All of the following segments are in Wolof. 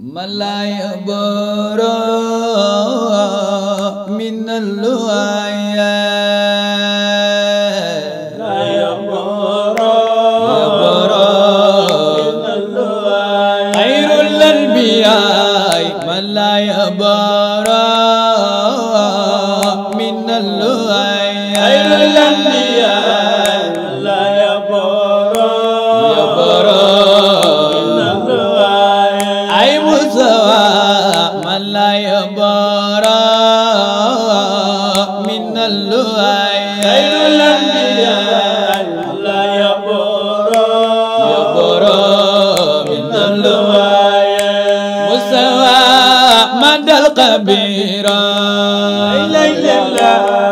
ملايا برا من الوعيات الكبيرة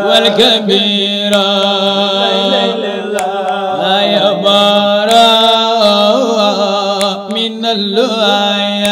والكبيرة لا يبارى من اللؤي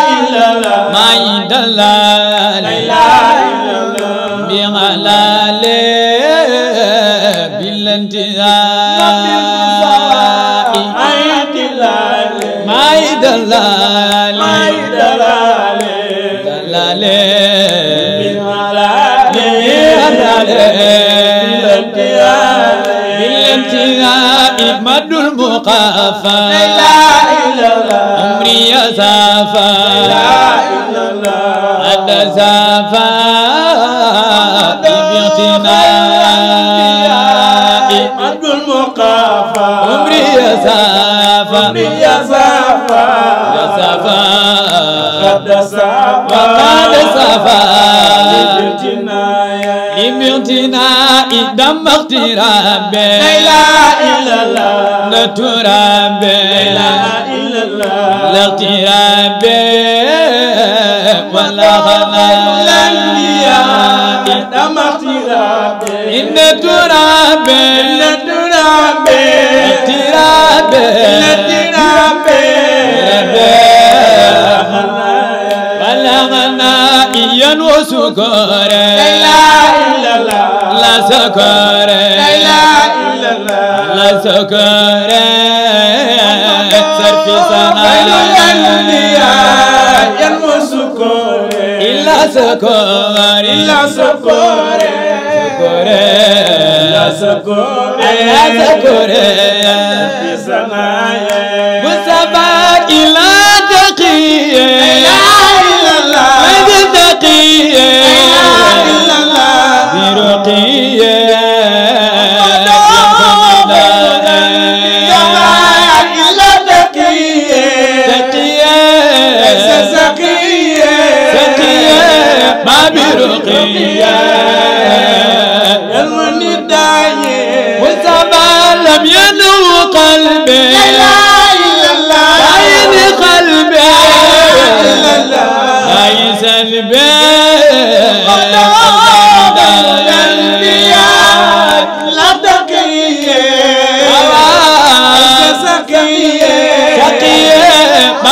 معيد الله لا إله بغلال بالانتهاء معيد الله معيد الله دلال بغلال بالانتهاء بالانتهاء مد المقافى لا إله إلا الله أمري يا زافى زفا باعتناء عبد المقافى عمري يسافى عمري يسافى يسافى قد سافى وقد سافى باعتناء دم اغتراب لا اله الا الله نتراب لا اله الا الله الاغتراب sukore la ilala la sukore la ilala la sukore sarfi sana la ilala yan musu سكور إلا سكور سكور إلا سكور إلا سكور في سمايا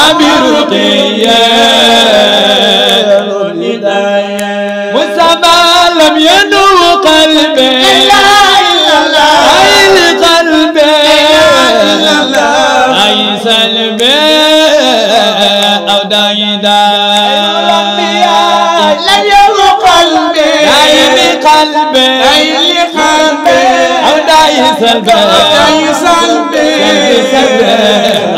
Abiru لم ينو قلبي إلا إلا الله عين قلبي إلا الله أي سلبي أو دايدا لم ينو قلبي عين قلبي عين قلبي أو داي سلبي أو داي سلبي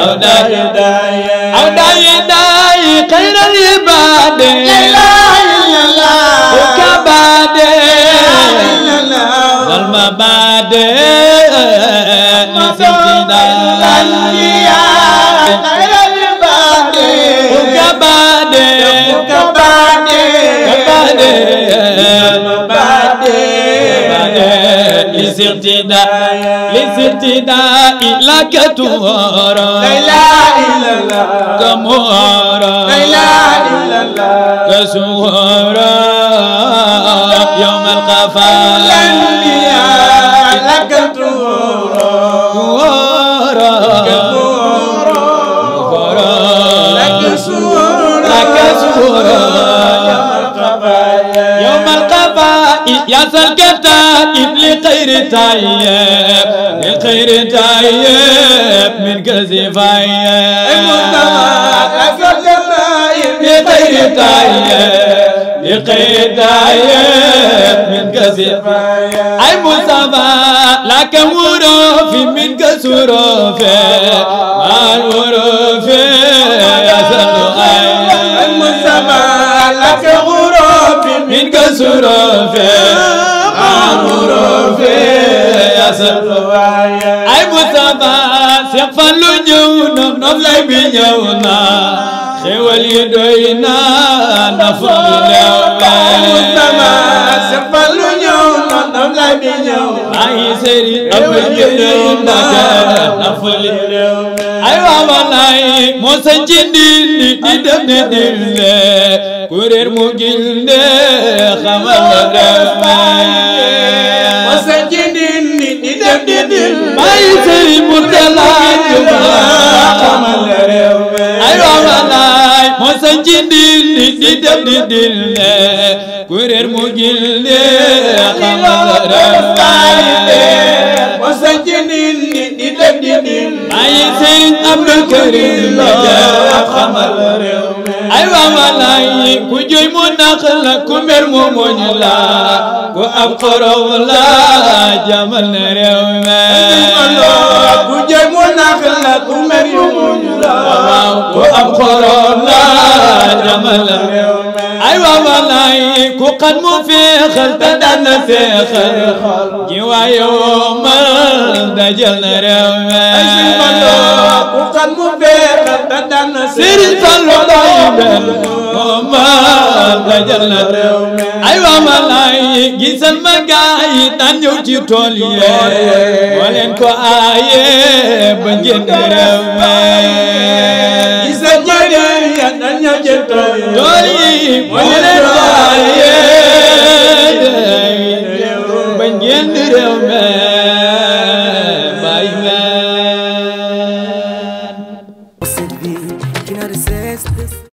أو داي داي أو داي داي خير العباد إلا لزرتداء لزرتداء لك تورا لا اله الا الله كمورا لا اله الا الله كسورا يا سلكتا إبلي خير تايب من خير تايب من كزفايب يا سلكتا إبلي خير تايب لقيداية من قصير أي مصطفى لك وروف من قصروف ما الوروف يا سلو أي مصطفى لك وروف من قصروف ay Mustafa Seex Fallu ñëw na noflay bi ñëw na yi doy na ndax fu ñu leew ay Mustafa Seex Fallu ñëw na bi ñëw ay seri ab yi doy na ndax fu ñu leew ay waa walaay moo sa ci ndindi di def ne dille kuréer mu ginde xamal na dem ay bay sëriñ Murtala Jóob xamal réew mi ay wawalaay moo sa ci ndil di di def di dil ne kuréel mu gil ne xamal réew mi moo sa ci ndil Abdul ay waa walaay ku jooy mu ku mer mu ku ab xorow jamal réew ku jooy mu ku mer mu ku ab xorow jamal ay waa walaay ku xat mu feexal te daan na seexal ji waa yow ma dajal xal mu beexal te daan maa nga jël na réew ay waa ma laay ma gaa yi daan ci tool yi moo leen ko aaye ba génn réew mi gisal ma yi daan ñëw ci tool yi moo leen ko aaye ba génn réew mi